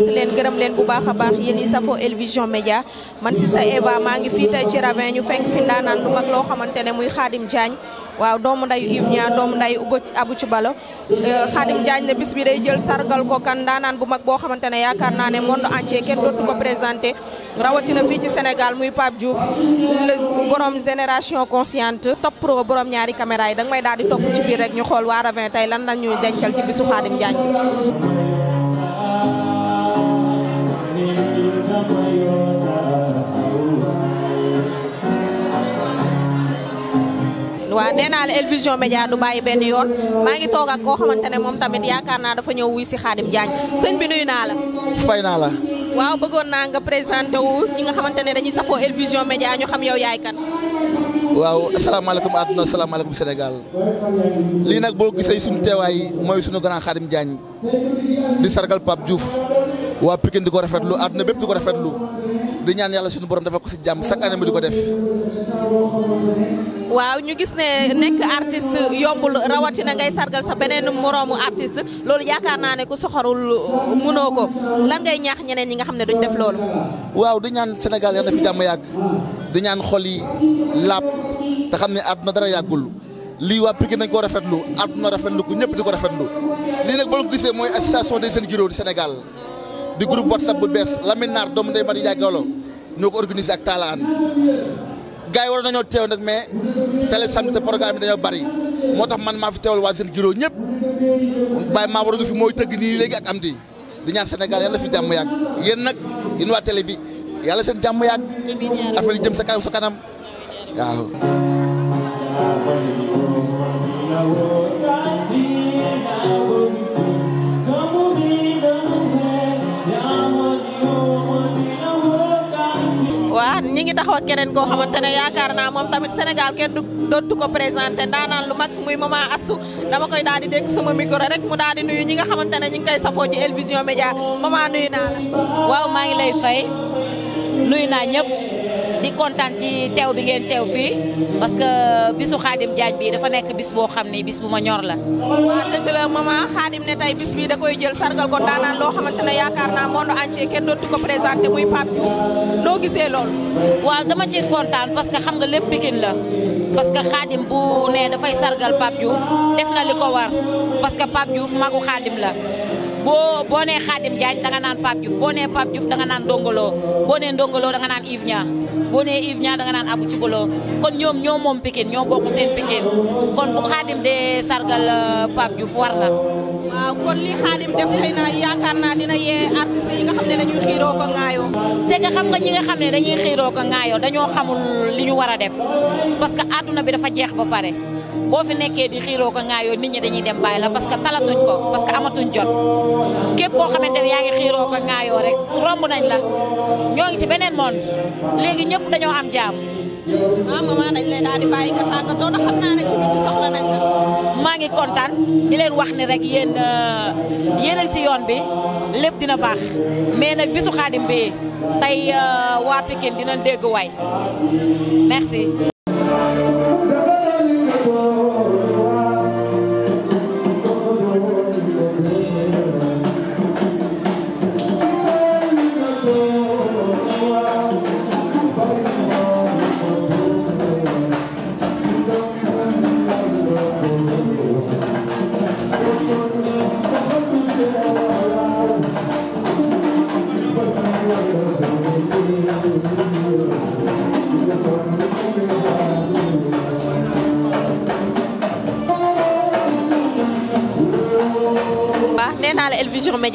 sant leen gërëm leen bu baax a baax yéen ñi safoo El Vision Média man si sa Eva maa ngi fii tey ci Ravin ñu fekk fi ndaanaan lu mag loo xamante ne muy Khadim Diagne waaw doomu ndayu Yves Niang doomu ndayu Uba Abu ci Balo euh, Khadim Diagne ne bis bi day jël sargal ko kan ndaanaan bu mag boo xamante ne yaakaar naa ne monde entier kenn dootu ko présenté rawatina fii ci Sénégal muy Pape Diouf borom génération consciente top pro borom ñaari caméra yi danga may daal di topp ci biir rek ñu xool waa tey lan la ñuy dencal bisu Khadim Diagne away. waaw nee naa la El Vision Média du bàyyi benn yoon maa ngi toog ak koo xamante ne moom tamit yaakaar naa dafa ñëw wuy si Khadim Diagne sëñ bi nuyu naa la. fay naa la. waaw bëggoon naa nga présenté wu ñi nga xamante ne dañuy safoo El Vision Média ñu xam yow yaay kan. waaw asalaamaaleykum àdduna asalaamaaleykum Sénégal lii nag boo gisee suñu teewaay mooy suñu grand Khadim Diagne di sargal Pape Diouf waa Pikine di ko rafetlu àdduna bépp di ko rafetlu. di ñaan yàlla suñu borom dafa ko si jàmm chaque année mu di ko def waaw ñu gis ne nekk artiste yombul rawatina ngay sargal sa beneen moroomu artiste loolu yaakaar naa ne ku soxorul mënoo ko lan ngay ñaax ñeneen ñi nga xam ne duñ def loolu waaw di ñaan Sénégal yàlla na fi jàmm yàgg di ñaan xol yi laab te xam ne àdduna dara yàggul lii waa Pikine nañ ko rafetlu àdduna rafetlu ko ñëpp di ko rafetlu lii nag boo ko gisee mooy association des jeunes guirots du Sénégal di groupe WhatsApp bu bees Lamine Nar ndey Madi Diagalo ñoo ko organisé ak taalaan gars yi waroon nañoo teew nag mais télé samedi te programme bi dañoo bari moo tax man maa fi teewal waa seen juróom ñëpp Baye maa war nga fi mooy tëgg nii léegi ak am di di ñaan Sénégal yàlla fi jàmm yàgg yéen nag yéen waa télé bi yàlla seen jàmm yàgg affaire yi jëm sa kanam sa kanam ñi ngi taxaw ak keneen koo xamante ne yaakaar naa moom tamit Sénégal kenn du dootu ko présenté ndaanaan lu mag muy maman Astou dama koy daal di dénk sama micro rek mu daal di nuyu ñi nga xamante ne ñu ngi koy safoo ci El Vision Médias maman nuyu naa la. waaw maa ngi lay fay nuyu naa ñëpp. di kontaan ci teew bi ngeen teew fii parce que bisu xaadim Diagne bi dafa nekk bis boo xam ni bis bu ma ñor la. waaw dëgg la maman xaadim ne tey bis bi da koy jël sargal ko ndaanaan loo xamante ne yaakaar naa monde entier kenn dootu ko présenté muy Pape Diouf noo gisee loolu. waaw dama ci kontaan parce que xam nga lépp pikin la parce que xaadim bu ne dafay sargal Pape Diouf def na li ko war parce que Pape Diouf magu xaadim la. boo boo nee Khadim Diagne danga naan Pape Diouf boo nee Pape danga naan Ndongolo boo nee Ndongolo danga naan Yves Nia boo nee Yves Nia danga naan Abou Cigolo kon ñoom ñoo moom Pikine ñoo bokk seen Pikine kon bu Khadim dee sargal euh, Pape Diouf war na. waaw kon li Khadim def yaakaar naa dina yee artistes yi nga xam ne dañuy xiiroo ko ŋaayoo. c'est que xam nga ñi xam ne dañuy xiiroo ko ŋaayoo dañoo xamul li ñu war a def parce que àdduna bi dafa jeex ba pare. boo fi nekkee di xiiroo ko ŋaayoo nit ñi dañuy dem bàyyi la parce que talatuñ ko parce que amatuñ jot képp koo xamante ne yaa ngi xiiroo ko ŋaayoo rek romb nañ la ñoo ngi ci beneen monde léegi ñëpp dañoo am jaam. waaw ah, maman dañ lay daal di bàyyi nga tàggatoo ndax xam naa ne maa ngi kontaan di leen wax ni rek yéen euh, yéen a si yoon bi lépp dina baax mais nag bisu xaadim bi tey euh, waa Pikine dinañ dégg waay merci.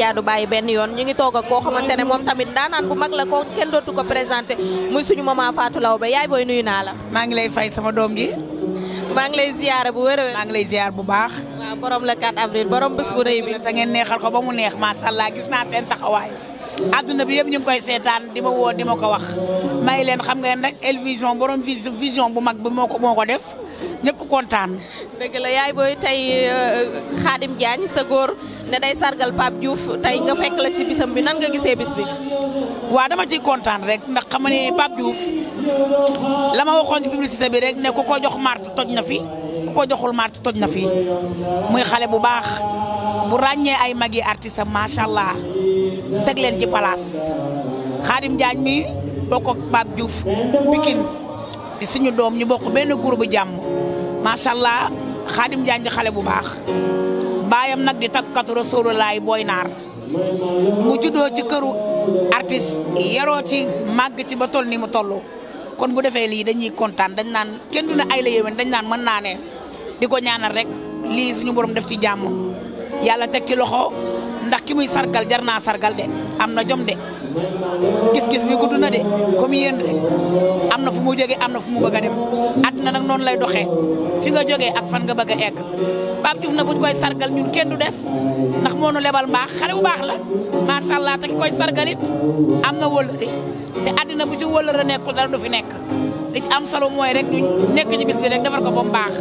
jaadu bàyyi benn yoon ñu ngi toog ak koo xamante ne moom tamit ndaanaan bu mag la ko kenn dootu ko présenté muy suñu maman Fatou Laobé yaay booy nuyu naa la. maa ngi lay fay sama doom ji. maa ngi lay ziar bu wér a maa ngi lay ziar bu baax. waaw borom la 4 avril borom bés bu rëy bi. te ngeen neexal ko ba mu neex macha allah gis naa seen taxawaay. adduna bi yëpp ñu ngi koy seetaan di ma woo di ma ko wax. may leen xam ngeen rek El Vision borom vision bu mag bi moo ko moo ko def ñëpp kontaan. dëgg la yaay booy tey euh, Khadim Diagne sa góor. ne day sargal Pape Diouf tey nga fekk la ci bisam bi nan nga gisee bis bi. waaw dama ci kontaan rek ndax xam ne Pape Diouf la ma waxoon ci publicité bi rek ne ku ko jox mart toj na fi ko joxul mart toj na fi muy xale bu baax bu ràññee ay mag yi artiste am macha allah teg leen ci place Xaadim Jaañ mi bokk ak Pape Diouf Pikine di suñu doom ñu bokk benn groupe bu jàmm macha allah Xaadim Jaañ di xale bu baax. baayam nag di taggkatu Rasululaay booy naar mu juddoo ci këru artiste yaroo ci màgg ci ba toll ni mu toll kon bu defee lii dañuy kontaan dañ naan kenn du ne ay la yéwén dañ naan mën naa ne di ko ñaanal rek lii suñu borom def ci jàmm yàlla teg ci loxo ndax ki muy sargal jar naa sargal de am na jom de gis-gis bi gudd na de comme yéen rek am na fu mu jóge am na fu mu bëgg a dem àddina nag noonu lay doxee fi nga jógee ak fan nga bëgg a egg Pape Diouf na buñ koy sargal ñun kenn du des ndax moo nu lebal mbaax xale bu baax la macha allah te ki koy sargalit am na wëllëre te àddina bu ci wëllëre nekkul dara du fi nekk li am solo mooy rek ñu nekk ci bis bi rek defar ko ba mu baax.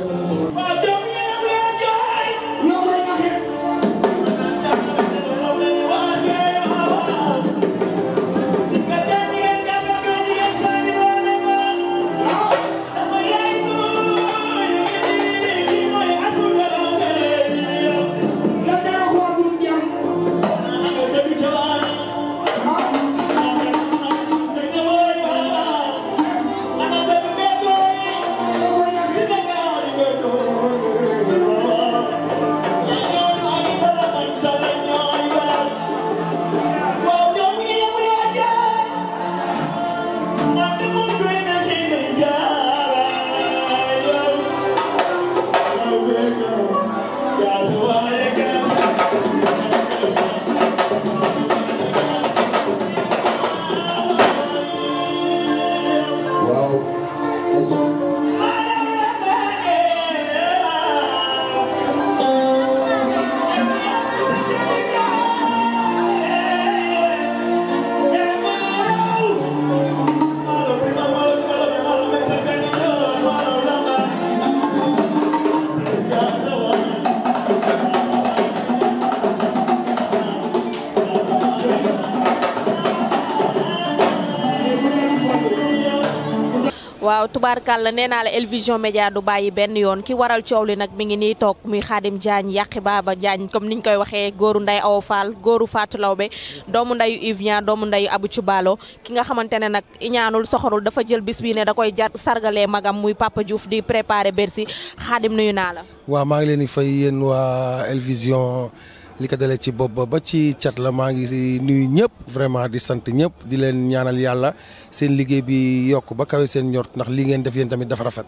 tubaarkàlla nee naa la Elvision Média du bàyyi benn yoon ki waral coow li nag mi ngi nii toog muy Khadim Diagne yàqi baaba jaañ comme ni niñ koy waxee góoru nday awo Fall góoru Fatou Lawbe doomu ndayu Ivian doomu ndayu Abu Cubalo ki nga xamante ne nag iñaanul soxorul dafa jël bis bi ne da koy jar sargalee magam muy Papa Diouf di préparé Bercy Khadim nuyu naa la. waaw maa ngi leen di fay yéen waa Elvision. li ko dalee ci bopp ba ba ci cat la maa ngi si nuyu ñëpp vraiment di sant ñëpp di leen ñaanal yàlla seen liggéey bi yokk ba kawe seen ñort ndax li ngeen def yéen tamit dafa rafet.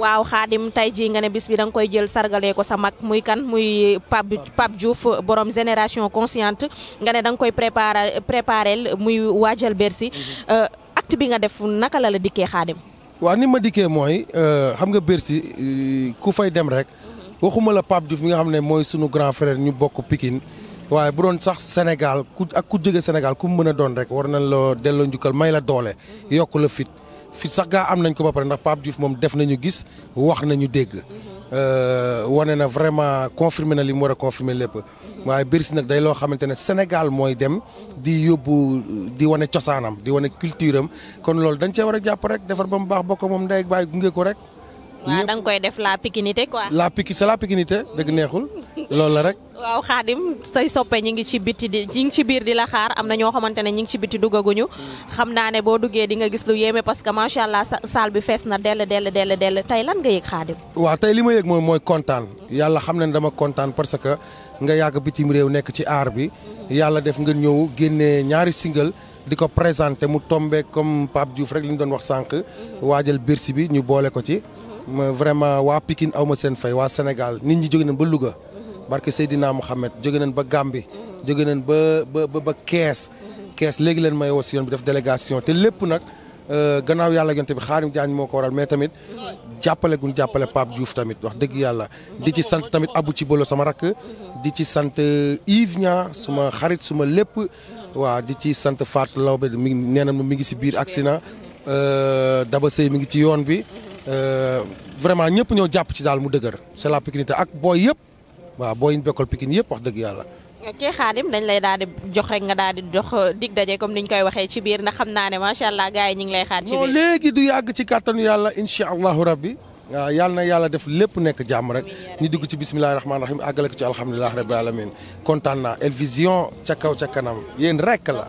waaw xaadim tey jii nga ne bis bi da nga koy jël sargalee ko sa mag muy kan muy Pape Pape Diouf borom génération consciente nga ne danga nga koy préparé préparel muy waajal Bercy euh, acte bi nga def naka la la dikkee xaadim. waaw ni ma dikkee mooy euh, xam nga Bercy euh, ku fay dem rek. waxuma la Pape Diouf mi nga xam ne mooy suñu grand frère ñu bokk Pikine waaye bu doon sax Sénégal ku ak ku jóge Sénégal ku mën a doon rek war nañ loo delloo njukkal may la doole yokk la fit fit sax gaa am nañ ko ba pare ndax Pape Diouf moom def nañu gis wax nañu dégg euh, wane na vraiment confirmé na li mu war a confirmé lépp waaye Bercy nag day loo xamante ne Sénégal mooy dem di yóbbu di wane cosaanam di wane culture am kon loolu dañ cee war a jàpp rek defar ba mu baax bokk moom ndey ak baay ko rek. waaw da nga koy def la pikinité quoi. la piki c'est la pikinité dëgg neexul loolu la rek. waaw xaadim say soppe ñi ngi ci biti di ñi ci biir di la xaar am na ñoo xamante ne ñi ngi ci biti duggaguñu. xam naa ne boo duggee di nga gis lu yéeme parce que macha sa saal bi fees na dell dell dell dell tey lan nga yëg xaadim. waaw tey li ma yëg mooy mooy kontaan yàlla xam na ne dama kontaan parce que nga yàgg bitim réew nekk ci aar bi yàlla def nga ñëw génnee ñaari single. di ko présenté mu tombé comme Pape Diouf rek li ñu doon wax sànq. waajal Bercy bi ñu boole ko ci. ma vraiment waa Pikine aw ma seen fay waa Sénégal nit ñi jóge nañ ba Louga mhm. barke Seydina Mohamed jóge nañ ba Gambie mhm. jóge nañ ba ba ba Kees mhm. Kees léegi leen may woo si yoon bi def délégation te lépp nag euh, gannaaw yàlla yonte bi Xaarim Jaañ moo ko waral mais tamit jàppale gu jàppale Pape Diouf tamit wax dëgg yàlla di ci sant tamit Abou ci Bolo sama rakk di ci sant euh, Yves Nia suma xarit suma lépp waaw di ci sant Fatou Lawbe mi nee na mi ngi si biir accident euh, Daba Sey mi ngi ci yoon bi Euh, vraiment ñëpp ñoo jàpp ci daal mu dëgër c'est la ak booy yëpp waaw booy yi ñu bokkal Pikine yëpp wax dëgg yàlla. ok Khadim dañ lay daal di jox rek nga daal di dox euh, dig daje comme ñu koy waxee ci biir na xam naa ne macha allah gars yi ñu ngi lay xaar. ci biir non léegi du yàgg ci kàttanu yàlla incha allahu rabbi waaw yàlla na yàlla def lépp nekk jàmm rek ñu dugg ci bisimilah rahmaani rahiim àggale ko ci alhamdulilah rabbil alamin kontaan naa Vision ca kaw ca kanam yéen rek la.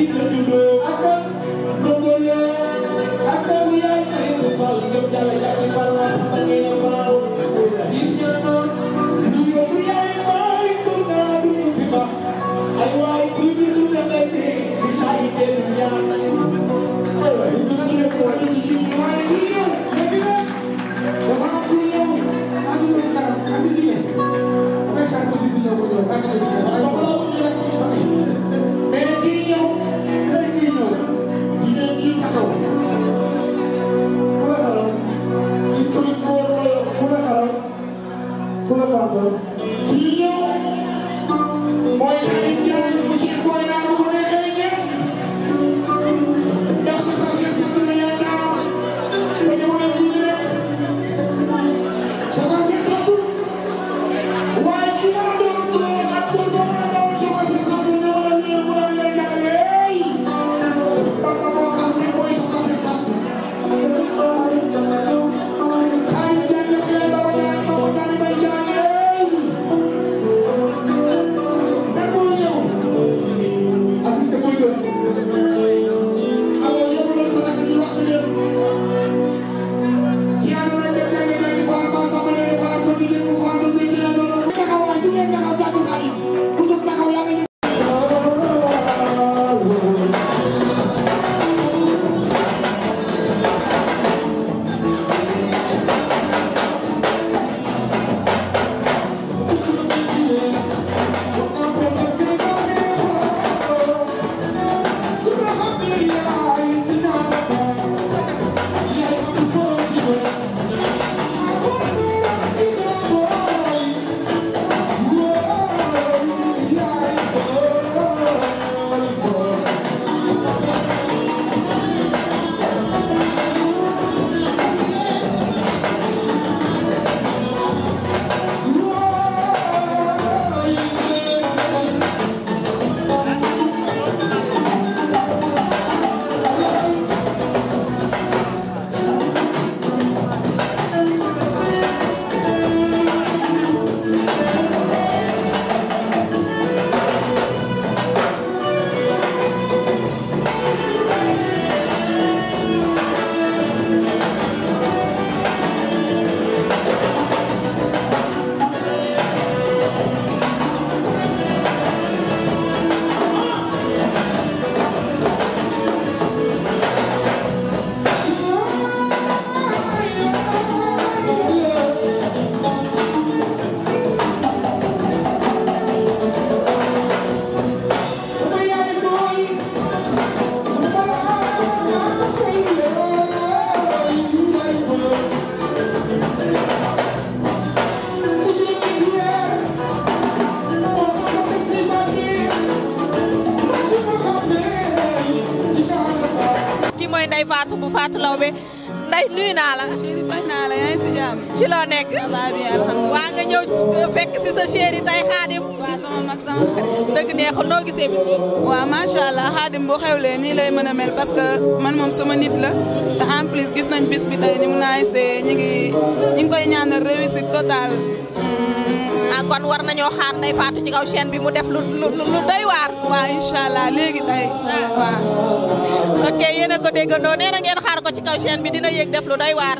Thank you. ci lo nek wa nga ñew fekk ci sa chéri tay xaadim. wa sama mak sama xarit. deug neexul no gisee bis wa ma sha allah xaadim bo xewle ni lay mëna mel parce que man mom sama nit la te en plus gis nañ bis bi tay ni mu naay see ñu ngi ñi ngi koy ñaanal réussite totale. Hmm, ah kon war nañu xaar Ndeye Fatou ci kaw chaîne bi mu def lu lu lu doy war wa incha allah léegi tey. Ah. waaw. ok yéen a ko déggandoo nee na ngeen xaar ko ci kaw chaîne bi dina yéeg def lu doy waar.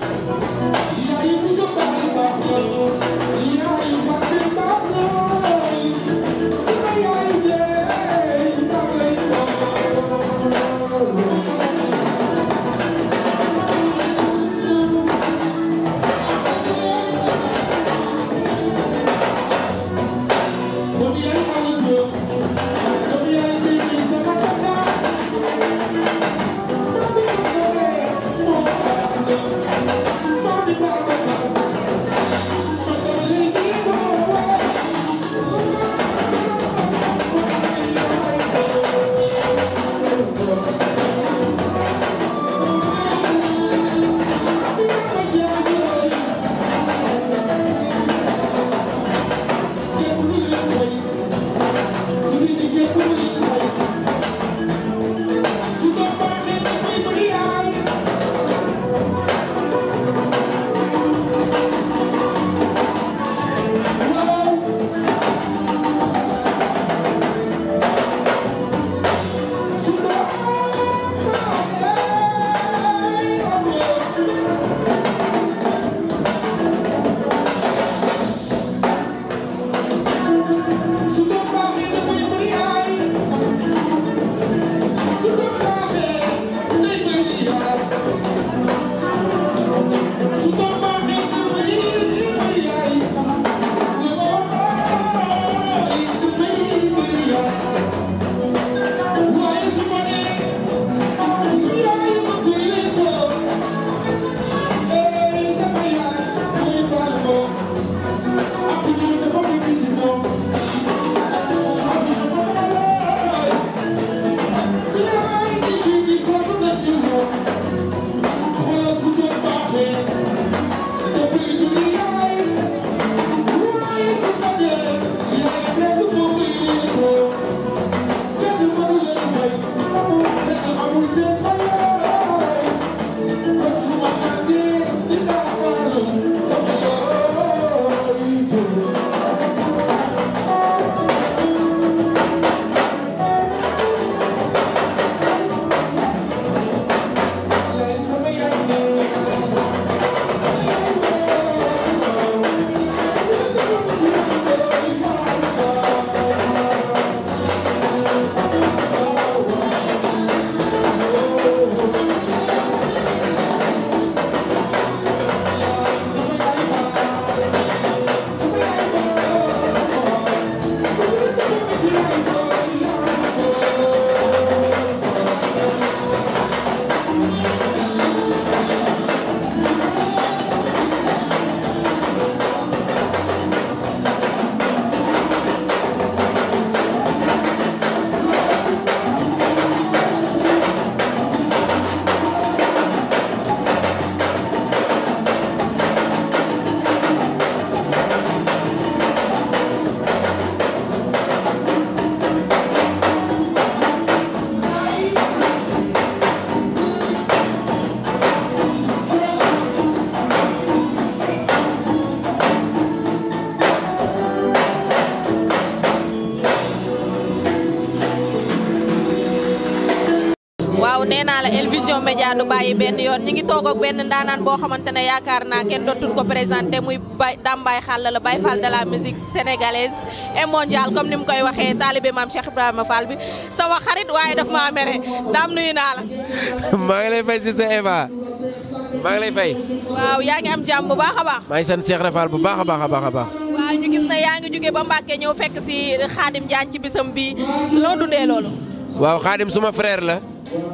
Futurs Médias baye ben benn yoon ñu ngi toog ak ben ndanan bo xamantene yaakar na naa kenn ko présenter muy bay Dame Baye xal la Baye fal de la musique sénégalaise et mondiale comme nim koy waxe talibé mam Cheikh Ibrahima Fall bi sama xarit waye daf ma méré dam nuyu na la. ma ngi lay fay si sa Eva ma ngi lay fay. waaw ya ngi am jam bu baakha baax. may san Cheikh Rafal bu baakha baakha baakha baax waaw ñu gis na ya ngi ba mbacké ñëw fekk si khadim Jaan ci bisam bi lo dundé lolu waaw khadim suma frère la.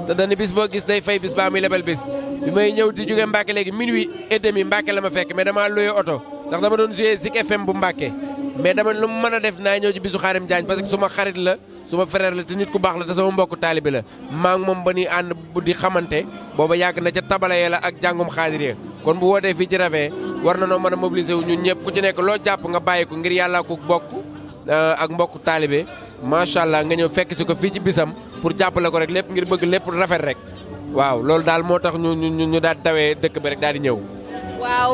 te dañu bis boo gis day fay bis baa muy lebal bis bi may ñëw di jóge Mbacke léegi minuit et demi la ma fekk mais dama loye oto ndax dama doon joué Zik FM bu Mbacke mais dama lu mu mën a def naa ñëw ci bisu Xaarim Diagne parce que suma xarit la suma frère la te nit ku baax la te sama mbokku taalibe la maa moom ba ni ànd di xamante booba yàgg na ca tabala tabalayee la ak jàngum xaadir kon bu wootee fii ci rabee war na noo mën a mobiliser wu ñun ñëpp ku ci nekk loo jàpp nga bàyyi ko ngir yàlla bokk euh, ak mbokku taalibe macha allah nga ñëw fekk si ko fii ci bisam pour jàppale ko rek lépp ngir bëgg lépp rafet rek waaw loolu daal moo tax ñu ñu ñu daal tawee dëkk bi rek daal di ñëw. waaw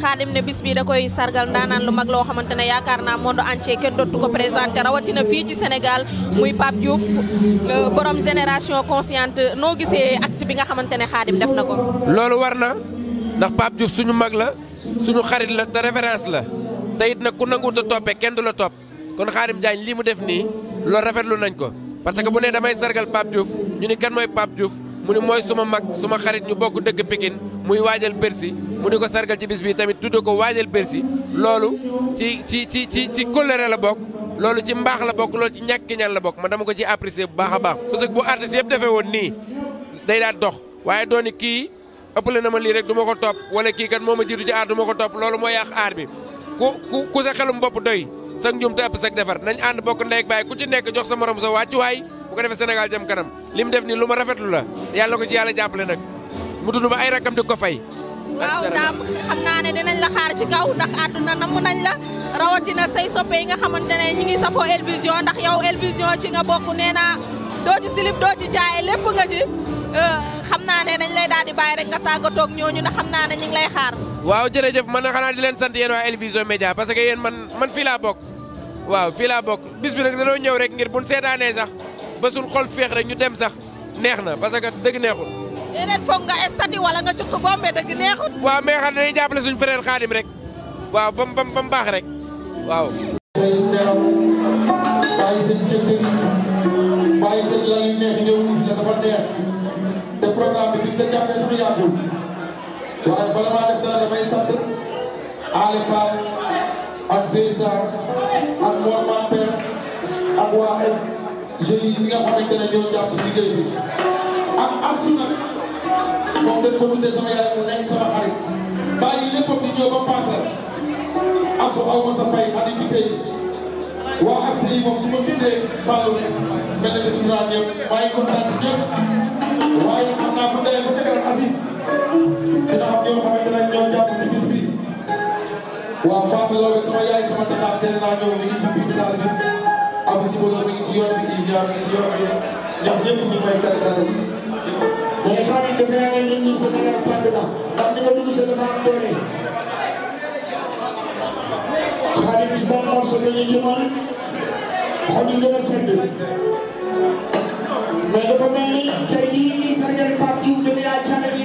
xaadim euh, ne bis bi da koy sargal ndaanaan lu mag loo xamante ne yaakaar naa monde entier kenn du ko présenté rawatina fii ci Sénégal muy Pape Diouf borom génération consciente noo gisee acte bi nga xamante ne xaadim def na ko. loolu war na ndax Pape Diouf suñu mag la suñu xarit la te référence la te it ku nanguwut toppe kenn du la topp kon xaadim Diagne lii mu def nii loolu rafetlu nañ ko. parce que bu ne damay sargal Pape Diouf ñu ni kan mooy Pape Diouf mu ni mooy suma mag suma xarit ñu bokk dëkk Pikine muy waajal Bercy mu ni ko sargal ci bis bi tamit tudd ko waajal Bercy loolu ci ci ci ci ci kóllëre la bokk loolu ci mbaax la bokk loolu ci ñàkk ñaan la bokk ma dama ko ci apprécier bu baax a baax parce que bu artiste yëpp defee nii day daal dox waaye dooni kii ëppale na ma lii rek du ko topp wala kii kat moo ma jiitu ci aar du ko topp loolu moo yàq aar bi ku ku ku sa xelum bopp doy sag njum te ëpp sag defar nañ ànd bokk ndey baay ku ci nekk jox sa morom sa waay bu ko defee Sénégal jëm kanam li mu def nii lu ma rafetlu la yàlla ko ci yàlla jàppale nag mu tudd ba ay rakam di ko fay. waaw daam xam naa ne dinañ la xaar ci kaw ndax àdduna namm nañ la rawatina say soppe yi nga xamante ne ñi safoo El ndax yow El ci nga bokk nee naa doo silib doo ci jaay nga ci Euh, xam naa ne dañ lay daal di bàyyi rek nga tàggatoo ak ñooñu ndax xam naa ne ñu ngi lay xaar. waaw jërëjëf man xanaa di leen sant yéen waa Elvision Média parce que yéen man man laa bokk waaw fii laa bokk bis bi nag dañoo ñëw rek ngir buñ seetaanee sax ba suñ xol feex rek ñu dem sax neex na parce que dëgg neexul. déedéet foog nga estati wala nga cukk bombe dëgg neexul. waaw mais xam dañuy jàppale suñu frère Khadim rek waaw bam bam baax rek waaw. bàyyi seen teew bàyyi seen cëkkër bàyyi ñu ko jàppee sax yàggul waaye bala maa def dara damay sant Allé Fall ak Veysa ak waa Mamper ak waa FGI yi nga xamante ne ñoo jàpp ci liggéey bi ak Assou nag moom dañ ko tuddee sama yaay mu nekk sama xarit bàyyi léppam di ñëw ba passé Assou aw ma sa fay xarit bi tey waa AXA yi moom su ma tuddee Fallou rek mel na ni fi mu naan ñëpp waaye kontaan ci ñëpp. waaye xam naa bu ñu demee ba ca kanam Aziz dina am ñoo xamante ne ñoo jàpp ci bis bi waaw Fatou Laobé sama yaay sama tataam teel naa ñëw mi ngi ci biir salle bi amu ci bële mi ngi ci yoon bi di ñaar mi ngi ci yoon bi ñoom ñëpp ñu may kàlla kàlla bi. mais xam nga defe naa ne ñun ñii sa kanam tàgg na ndax ni nga dugg sa dafa am doole. xaaral ci bon morceau la ñuy jëmal xol yi gën a sedd. मैं तो फतेह नहीं चाहिए कि सरगर्म पाप क्यों तुम्हें अच्छा नहीं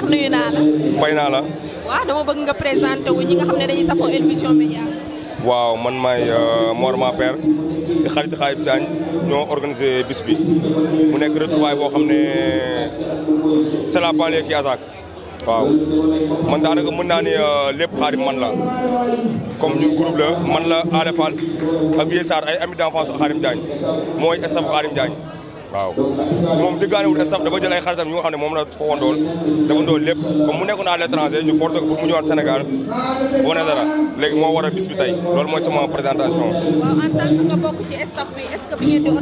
baax naa la. fay naa waaw man maay euh, Mor Ma Père di xarit Xaayib ñoo organisé bis bi mu nekk retrouvaille boo xam ne c'est la banlieue qui attaque. waaw man daanaka mën naa ne euh, lépp xaarib man la comme ñun groupe la man la Ada Fall ak Vieux Sarr ay amis d'enfance xaarim Diagne mooy staff xaarim Diagne. waaw moom jëggaane wut staff dafa jël ay xaritam ñu nga xam ne moom la ko wandool dafa ndool mu nekkoon à l'étranger ñu forcé ko pour mu ñëwaat Sénégal wane dara léegi moo war a bis bi tey loolu mooy sama présentation waaw en tant que nga bokk ci staff bi est-ce que bi ngeen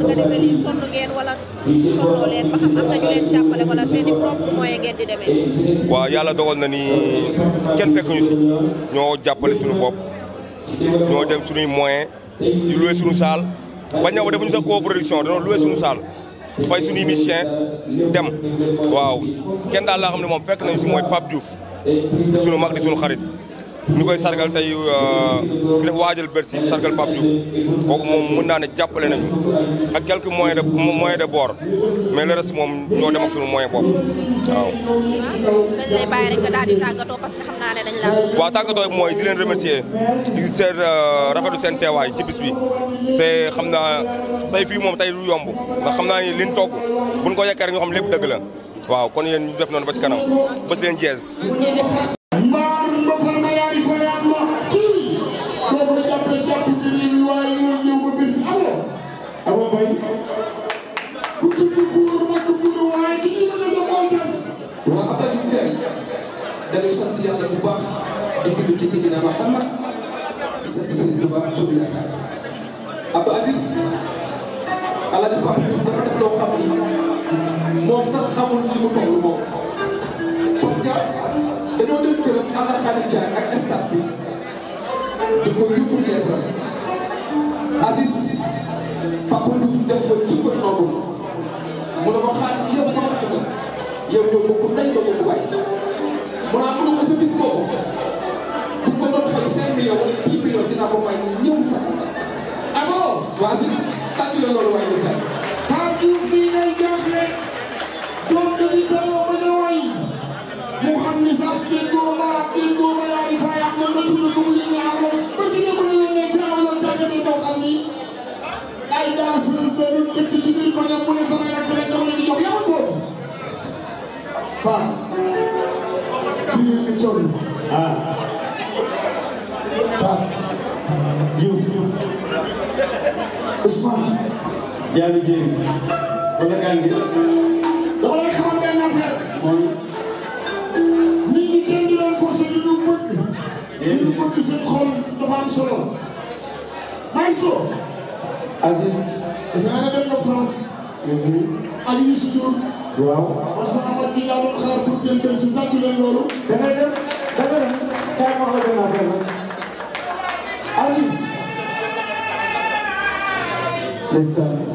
di di demee waaw yàlla dogal na ni kenn fekk ñoo jàppale suñu bopp ñoo dem suñuy moyen di sunu suñu saal bañ na ba defuñu sax coproduction dañoo loué suñu saal fay suñuy mission dem waaw kenn daal laa xam ne moom fekk nañu si mooy Pape Diouf di suñu mag di suñu xarit ñu koy sargal tey euh, def waajal Bercy sargal Pape Diouf kooku moom mën naa ne jàppale nañu ak quelques moyens de moyens de bord mais le reste moom ñoo dem ak suñu moyen bopp waaw. dañ lay di tàggatoo parce mooy di leen remercier di euh, seen rafetlu teewaay ci bis bi te xam naa tey fii moom tey du yomb ndax xam naa ni liñ togg buñ ko yekkee rek xam lépp dëgg la waaw kon yéen ñu def noonu ba ci kanam ba ci leen Muhammad Sëriñ Tuubaa suñu yaakaar Abdou Aziz Alaaji Papa dafa def loo xam ni moom sax xamul li mu toll moom parce que dañoo dem këram ànd ak Xaadim Jaay ak staff bi di ko yóbbu lettre Aziz Papa Ndouf def fa ci ko noonu mu ne ko xaar yow sama rakk nga yow ñoo bokk ndey ñoo bokk baay mu naa ah, ko sa bis boobu million wala 10 million dina ko may ñëw sa kaw la. alors waa bis tàgg la loolu waaye des na. Pape Diouf bii ngay jàppale doom bi di teewoo ba ñëwaay mu xam ni sax kii góoba kii góoba yaa di fay ak nga tudd ko mu yëngu amoon ba ki nga mën a yëngal ci amoon tàgg di ko xam ni ay danseuses de lutte dëkk ci biir ko ñam mu ne samay rakk leen dama leen di jox yow ko. Pape. fii nii ñu toll ah. Geldi. O da geldi. Olay xamal benn affaire. mooy. nit ñi kenn du leen forcer ñu ñu bëgg. ñu ñu solo. maestro. Aziz. defe naa ne dem nga France. Aliou Soudour. waaw. man sama mag bi laa doon xalaat pour jël dem si sàcc leen loolu. da ngay dem da ngay Aziz. ndeysaan.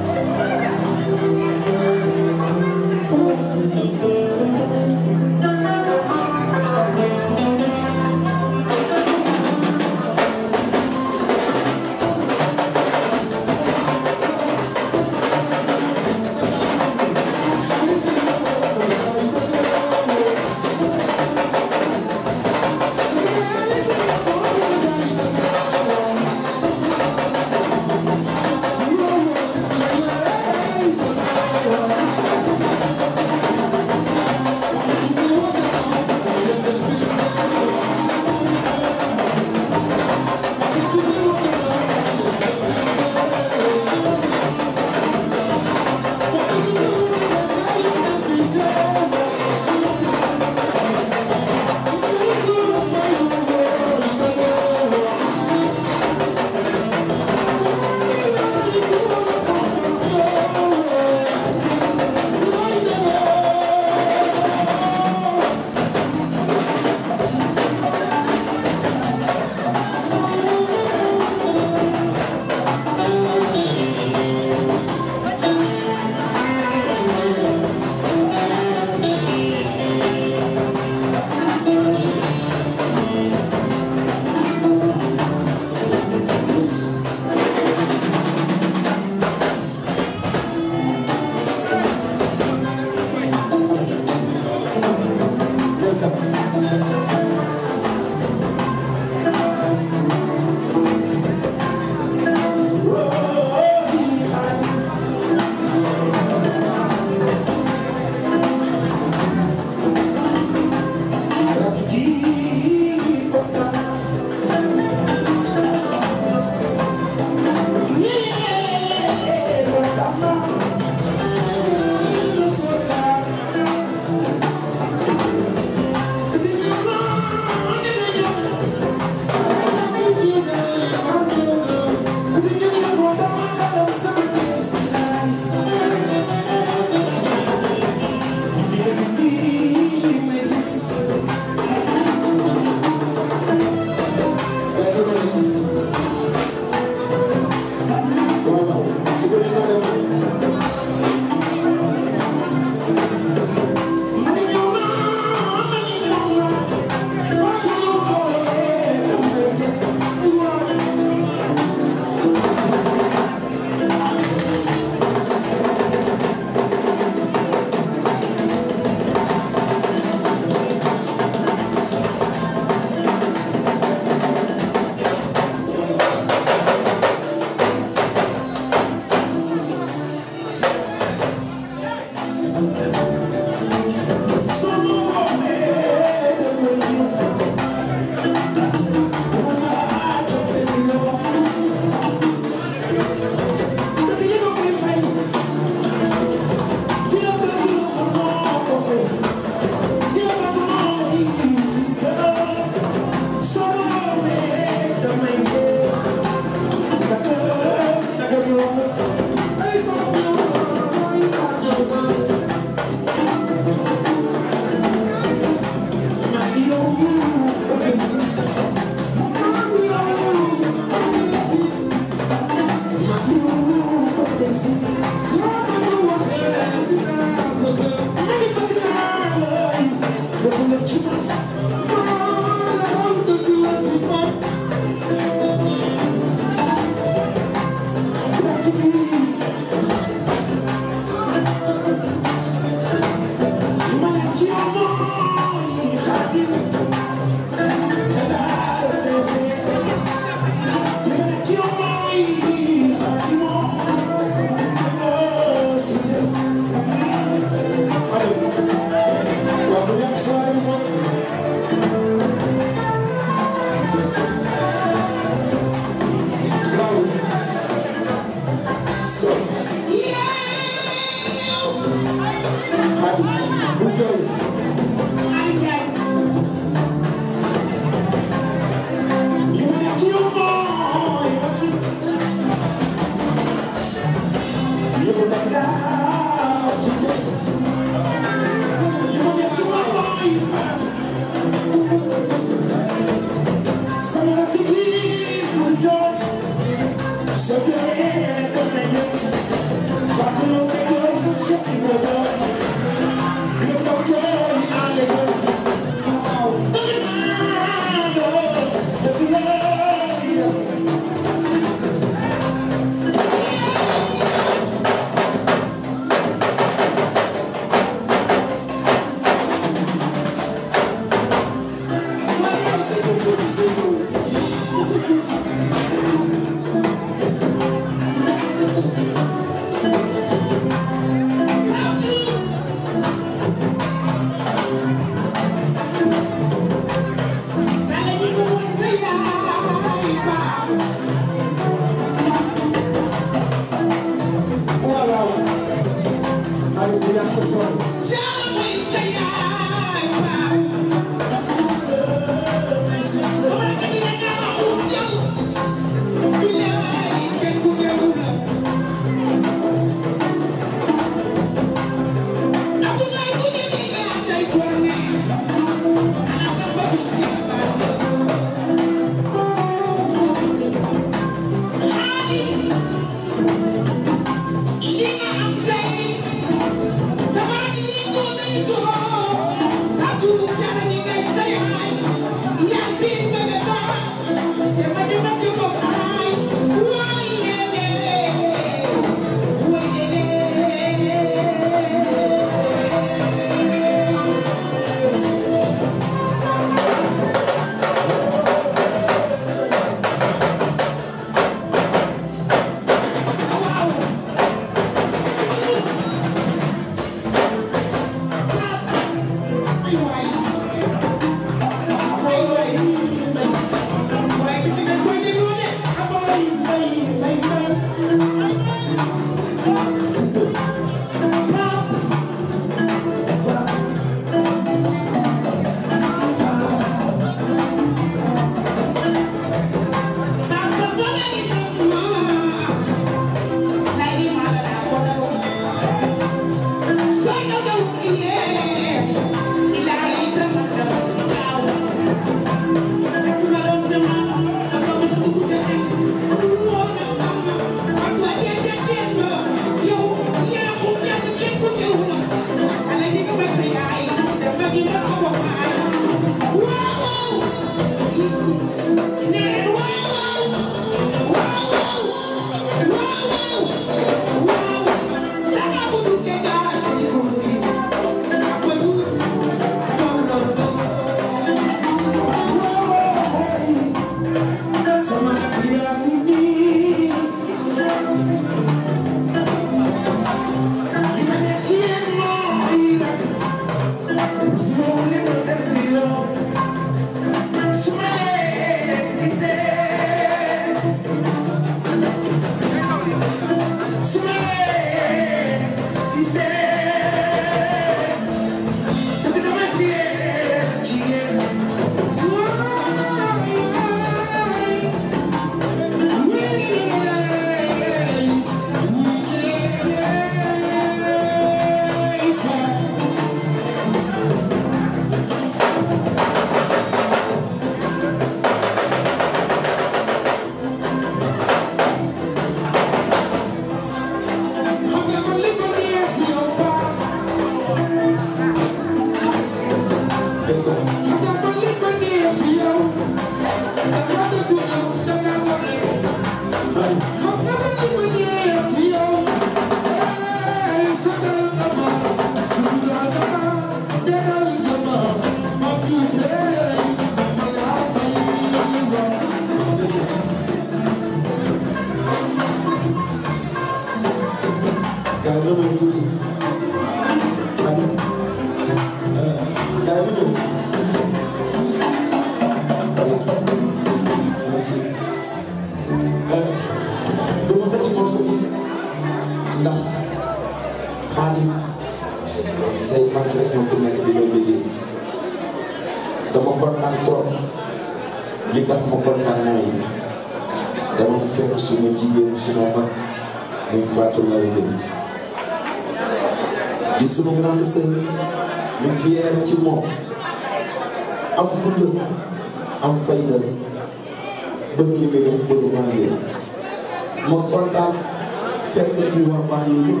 def li war wax yooyu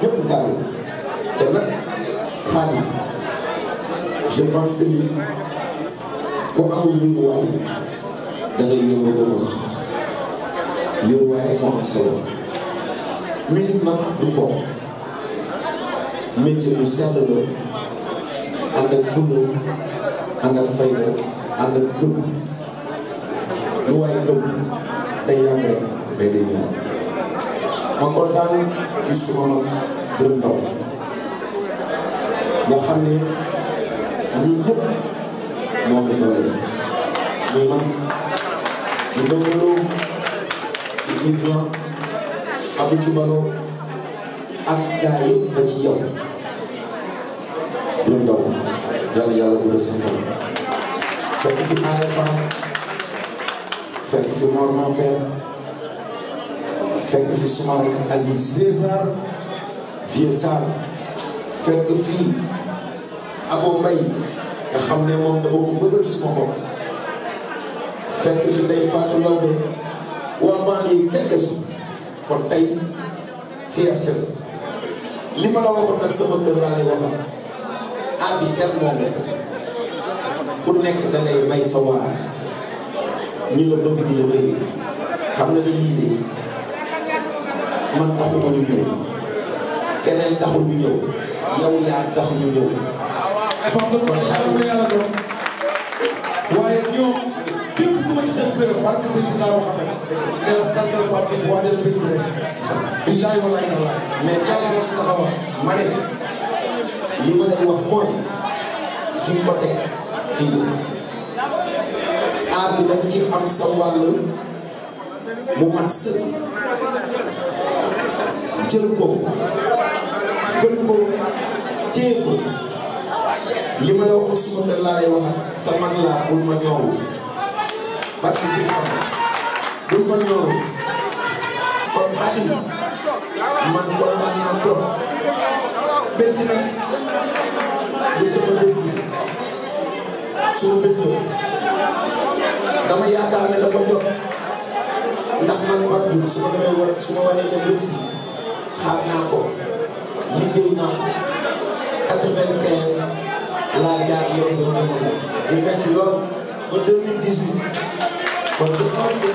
yëpp yëpp te nag Xaadim je pense que ni amul yënguwaay da ngay yëngu ba wax yënguwaay rek moo am solo musique nag du fo métier bu sell la ànd ak fulla ànd ak fayda ànd ak gëm gërëm ndaw nga xam ne ñun ñëpp moo ngi doole muy man ak gaa yëpp ba ci yow gërëm ndaw yàlla yàlla bu dee sa fan fekk fi AFA fekk fi Mor mon père fekk fi suma rek Aziz César Vieux Sarr fekk fii Abo Mbay nga xam ne moom dama ko bëggal suma bopp fekk fi Ndey Faatu Lawbe waa maa ngi kenn desul kon tey fierté li ma la waxoon nag sama kër laa lay waxoon aar bi kenn moom ku nekk da may sa waar ñi la bëgg di la bëgg xam nga ne lii de man taxuma ñu ñëw. keneen taxul ñu ñëw yow yaa tax ñu ñëw. kon xaaral ma yàlla doon waaye ñoom képp ku ma ci dem këram barke sëñ bi laa la sargal Pape Diouf waa del bés rek. billaay ma ne li ma lay wax mooy fi ko teg fii aar bi dañ ci am sa wàll mu mat sëkk jël ko. gën ko lima la wax suma kër laa lay waxat sa mag laa bul ma ñoowu barke si xam bul ma ñoowu kon Xaadim man kontaan naa suma dama ne dafa jot ndax man war dem ko liggéey naa ko 95 laa jaar yow soo jamono ñu metti lool ba 2018 kon je pense que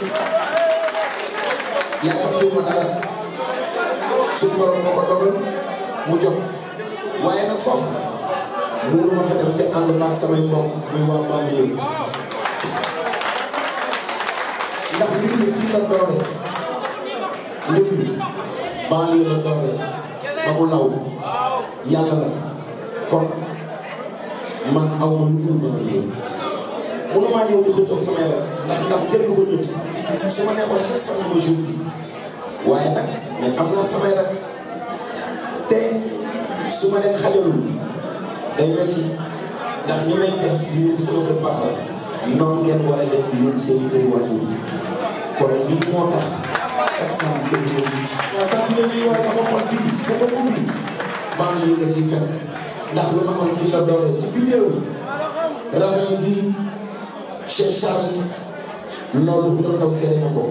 yàkkamtiwuma dara suñu borom ko dogal mu jot waaye nag foofu mënu ma fa dem te ànd maag samay mbokk muy waa banlieue ndax mbir mi fii la doore mbir mi banlieue la amul naw yàlla la kon man aw ma lu dul ma ñëw mënumaa ñëw di xëccoog sama yàlla ndax ndam jënd ko ñëpp su ma neexoon chaque semaine ma jour fii waaye nag mais am naa samay rak te su ma leen xajalul day métti ndax ñi may def di yóbbu sama kër papa noonu ngeen war a def di yóbbu seen kër waajur kon lii moo tax excellent déggoos tant que dañuy wax sama xol bi bu ko ubbi maa ngi ko ci fekk ndax lu amoon fii la doole ci bidéew ravin gi Cheikh Charles loolu bu doon daw seere na ko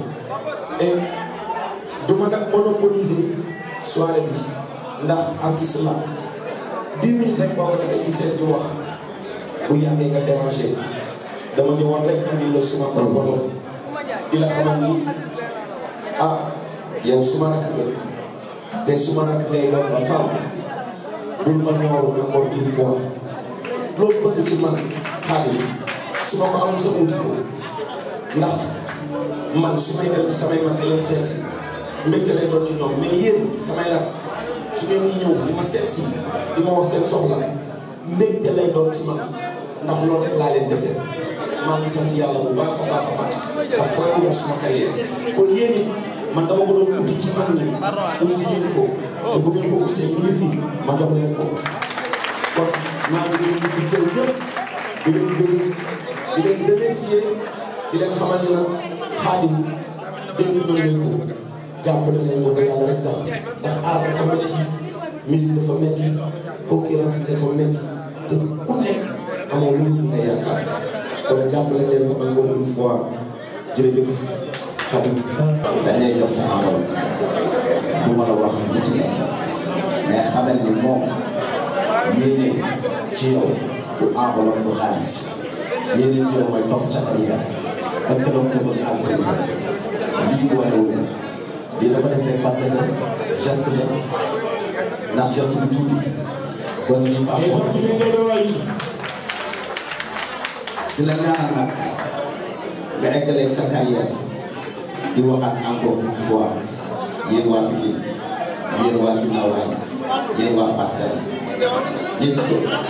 et du ma nag monopoliser soirée bi ndax artiste la dix minutes rek boo ko você ci seen di wax bu yàggee nga é dama ñëwoon rek andil la suma protocole di la xamal ni ah yow su ma rakk nga te su ma rakk ngay doon la femme bul ma ñëwoon encore une fois loolu bëgg ci man Xaadim su ma ko am sa wuti ko ndax man su may ëpp samay man di leen seet mbégte lay doon ci ñoom mais yéen samay rakk su ngeen di ñëw di ma seet si di ma wax seen soxla mbégte lay doon ci man ndax loolu rek laa leen desee maa ngi sant yàlla bu baax a baax a baax ndax fooy woon suma carrière kon yéen man dama ko doon uti ci mag ñi aussi ngeen ko te bu ngeen ko aussi mu ngi ko kon maa ngi ko jàppale leen ko dafa métti musique dafa métti concurrence yaakaar kon jàppale leen ko encore une fois jërëjëf xamul dañ lay jox sa enveloppe du ma la wax lu ci ne mais xamal ni moom yéene ci yow du enveloppe du xaalis yéene ci yow mooy topp sa carrière ba keroog nga bëgg àgg sa liggéey lii boolewul lii da ko def rek parce que geste la ndax geste bu tuuti kon lii ba am ci di la ñaanal nag nga eggaleeg sa carrière di waxaat encore une fois yéen waa Pikine yéen waa Guinaw Rail yéen waa Parcelles nit du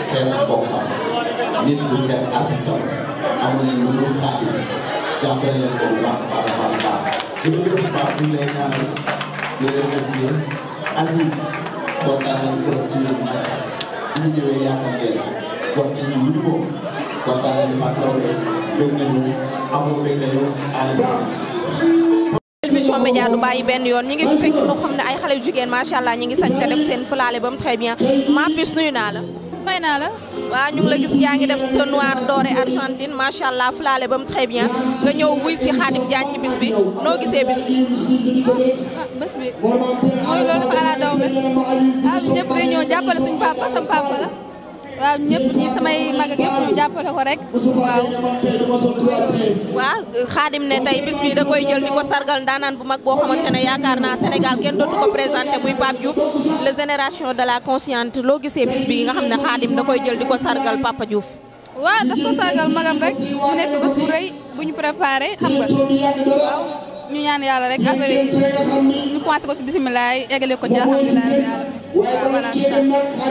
xeet bokkam nit du xeet artisan amu leen lu dul xaadim jàppale leen ko bu lay ñaanal di leen remercier Aziz nañu trop ci yéen ndax ñu ñëwee yaatal ngeen jox nañ ñu wuñu ko kontaan nañu fàttaloo bëgg nañu amoo bëgg média du bàyyi benn yoon ñi ngi fi fekk ñu xam ne ay xale yu jigéen macha allah ñi ngi sañ sa def seen fulaale ba mu bien ma puce nuyu naa la fay naa la waa ñu la gis yaa ngi def sa noir doré argentine macha allah fulaale ba mu très bien nga ñëw wuy si Khadim Diagne ci bis bi noo gisee bis bi. ah bés bi mooy loolu fa ala daw be ah ñëpp day ñëw jàppale suñu papa sama papa la. waaw ñëpp ñi samay mag ak ñu jàppale ko rek waaw. waaw xaadim ne tey bis bi da koy jël di ko sargal ndaanaan bu mag boo xamante yaakaar naa Sénégal kenn dootu ko présenté muy Pape Diouf la génération de la consciente loo gisee bis bi nga xam ne xaadim da koy jël di ko sargal Papa Diouf. waaw daf ko sargal magam rek mu nekk bés bu ñu préparé xam nga ñu ñaan yàlla rek affaire yi ñu commencé ko si bisimilah yeggale ko ci alhamdulilah waaw voilà.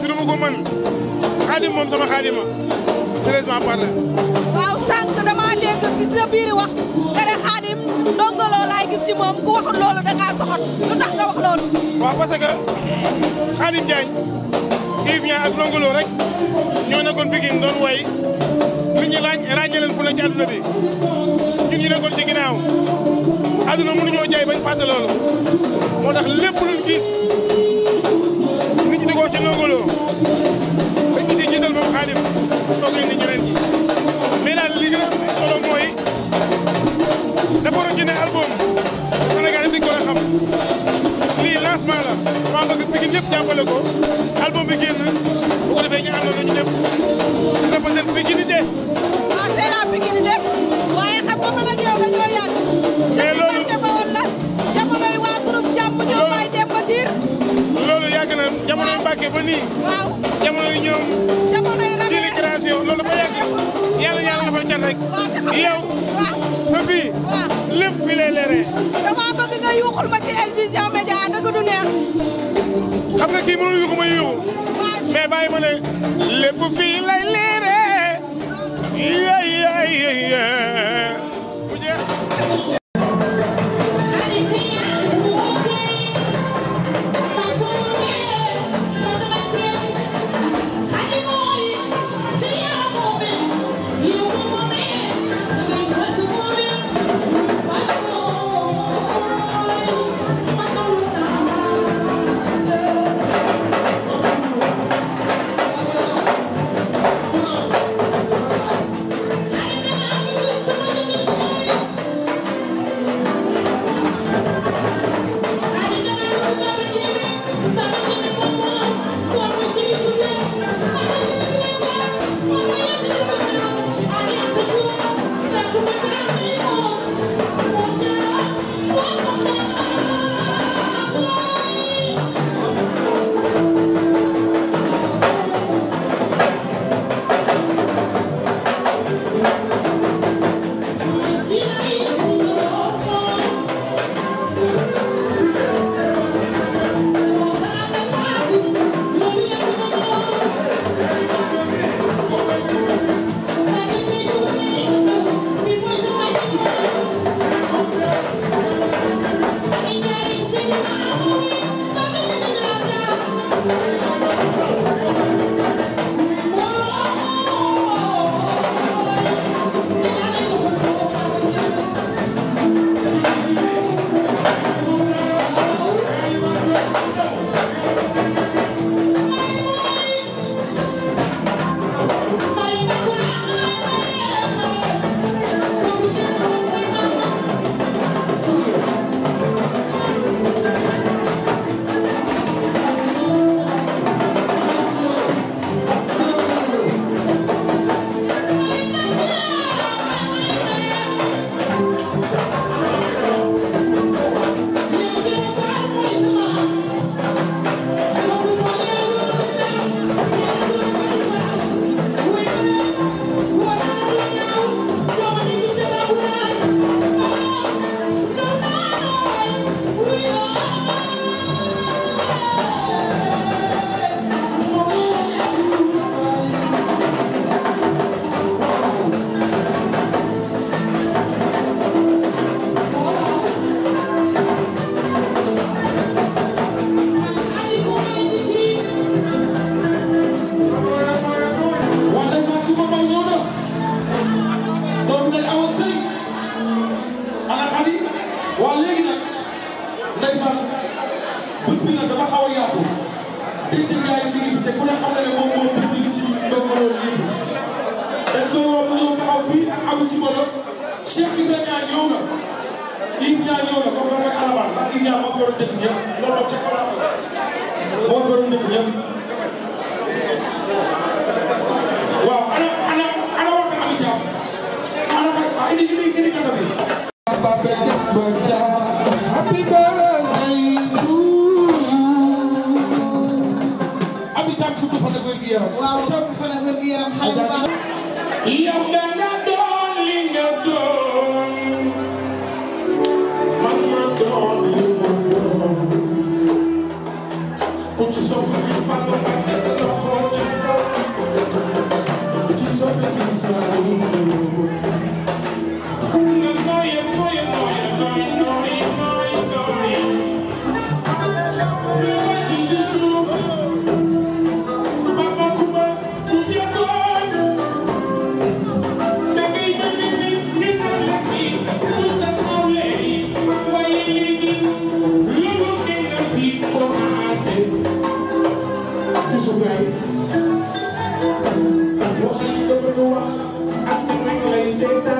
bis bi dama ko mën xaadim moom sama xaadima sérieusement parlé. waaw sànq damaa dégg si sa biir wax nga xaadim ndongo loo laay si moom ku waxul loolu da ngaa soxot lu tax nga wax loolu. waaw parce que xaadim Diagne il vient ak ndongo loo rek ñoo nekkoon Pikine way nit ñi laaj ràññee fu ne ci bi ñun ñu nekkoon ci ginnaaw àdduna mënuñoo jaay bañ fàtte loolu moo tax lépp luñ gis. ci longoloo dañ ko ciy jiital moom xaadim soog leen di ñeneen ñi mais daal li gën a solo mooy dafa war a génne album Sénégal yëpp dañ ko xam lii lancement la maa bëgg Pikine ñëpp jàppale ko album bi génn bu ko defee ñu àndoon nañu ñëpp dafa seen Pikinité. waaw ah, c'est la Pikinité waaye xam nga man ak yow dañoo yàgg. jamono Mbàkke ba nii. waaw ñoom. jamono yi rafet yi création loolu dafa yàgg. yàlla yàlla dafa cat rek. yow. sa fii. lépp fi lay leeree. dama bëgg nga yuuxul ma ci El Vision Médias dëgg du neex. xam nga kii mënul yuuxu ma yuuxu. mais bàyyi ma ne. lépp fii lay leeree. yéy One of the doors, I still remain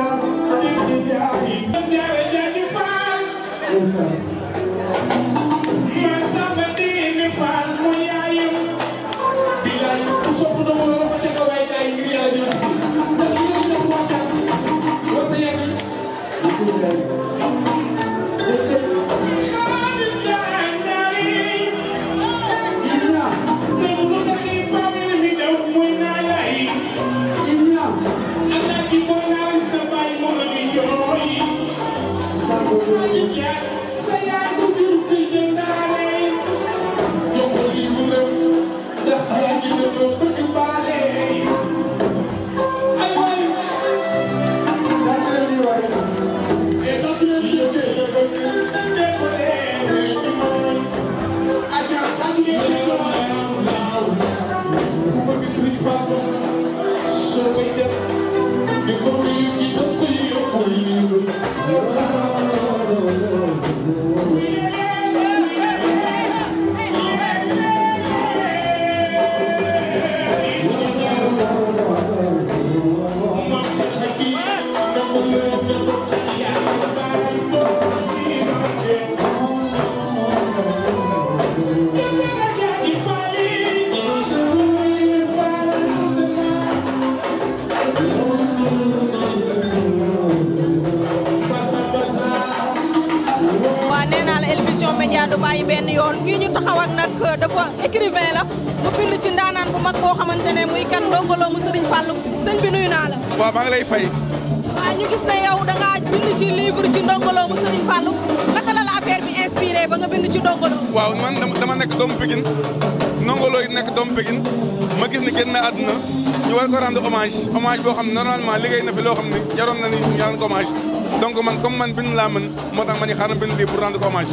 hommage boo xam ne normalement liggéey na fi loo xam ne jaroon na ni ñu rendre ko hommage donc man comme man bind laa mën moo tax ma ni xaaral bind lii pour rendre ko hommage.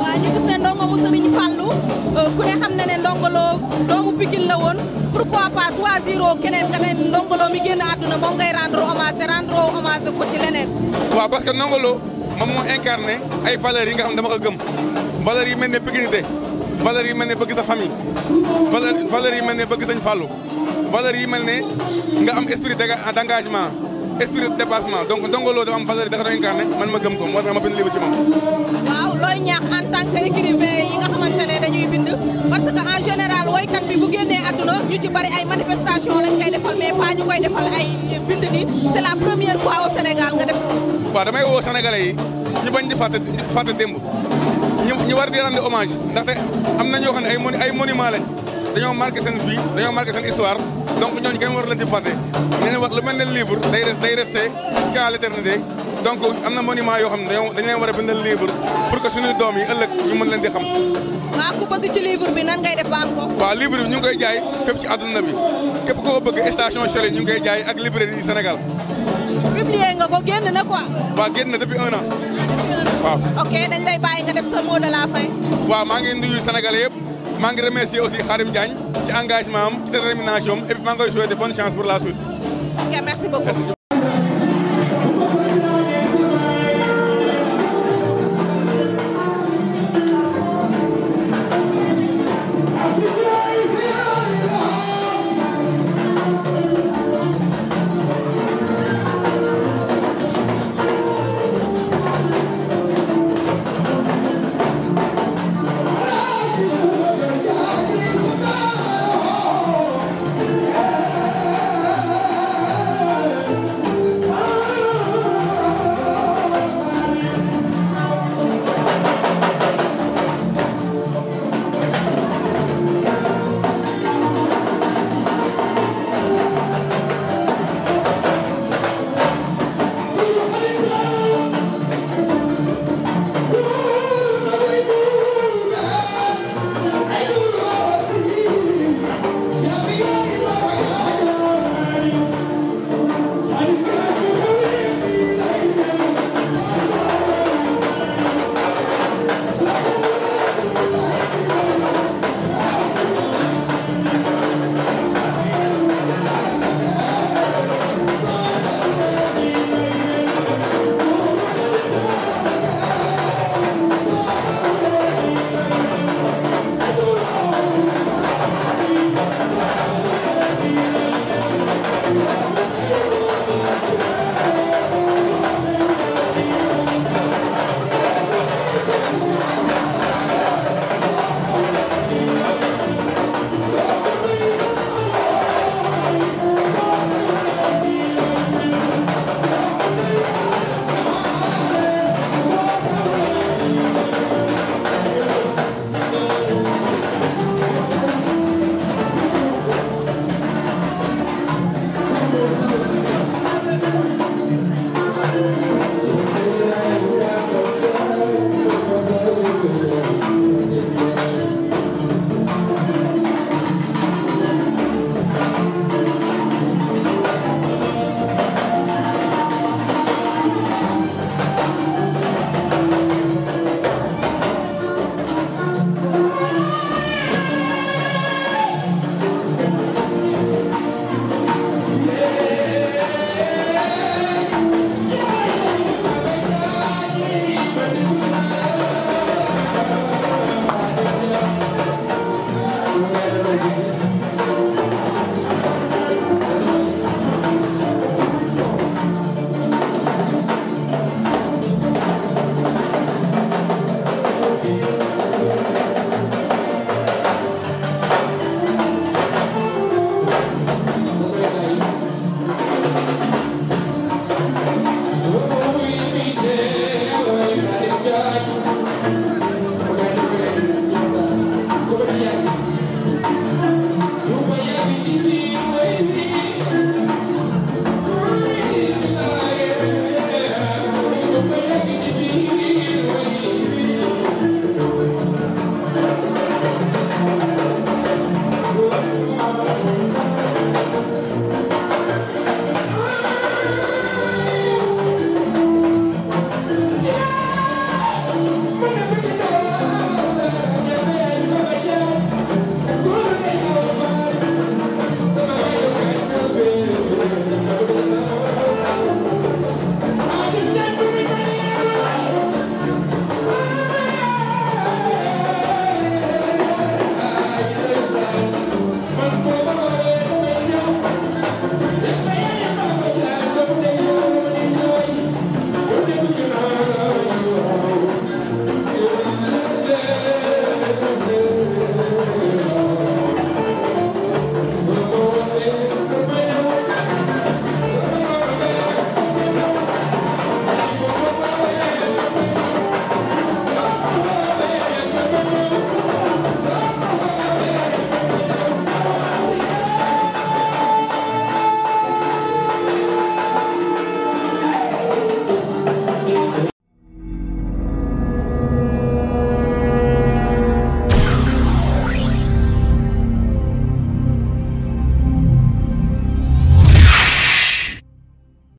waaw ñu gis ne ndongo mu sëriñ Fallou euh, ku ne xam na ne Ndongo Lo doomu Pikine la woon pourquoi pas choisir keneen nga ne Ndongo Lo mi génn àdduna moom ngay rendre hommage te rendre hommage ko ci leneen. waaw parce que Ndongo Lo moom moo incarné ay valeurs yi nga xam ne dama ko gëm valeurs yi mel ne pikinité valeurs yi mel ne bëgg sa famille valeurs valeurs yi mel ne bëgg sañ Fallou. valeur yi mel ne nga am esprit d'engagement esprit de donc Ndongo Lo dafa ma gëm ko moo tax ma bind livre ci moom. waaw looy ñaax en tant que yi nga xamante dañuy bind parce que en général woykat bi bu génnee àdduna ñu ci bari ay manifestation lañ koy defal mais pas ñu koy defal ay bind ni c'est la première fois au Sénégal nga def ko. damay woo Sénégalais yi ñu bañ di fàtte fàtte ñu ñu war di rendre ndaxte am na ñoo ne ay ay dañoo marqué seen vie dañoo marqué seen histoire donc ñooñu kenn war leen di fàtte nee wax lu mel ne livre day day resté jusqu'à l'éternité donc am na monument yoo xam ne dañoo dañu leen war a bindal livre pour que doom yi ëllëg ñu mën leen di xam. waaw ku bëgg ci livre bi nan ngay def ba ko. waaw livre bi ñu ngi koy jaay fépp ci àdduna bi képp koo bëgg station Shell ñu ngi koy jaay ak librairie yi Sénégal. publier nga ko génn na quoi. waaw génn na depuis un ah, waaw. ok dañ la maa ngi nuyu Sénégalais yëpp. maa ngi remercier aussi Khadim Diagne ci engagement am détermination am maa ngi koy souhaiter bonne chance pour la suite.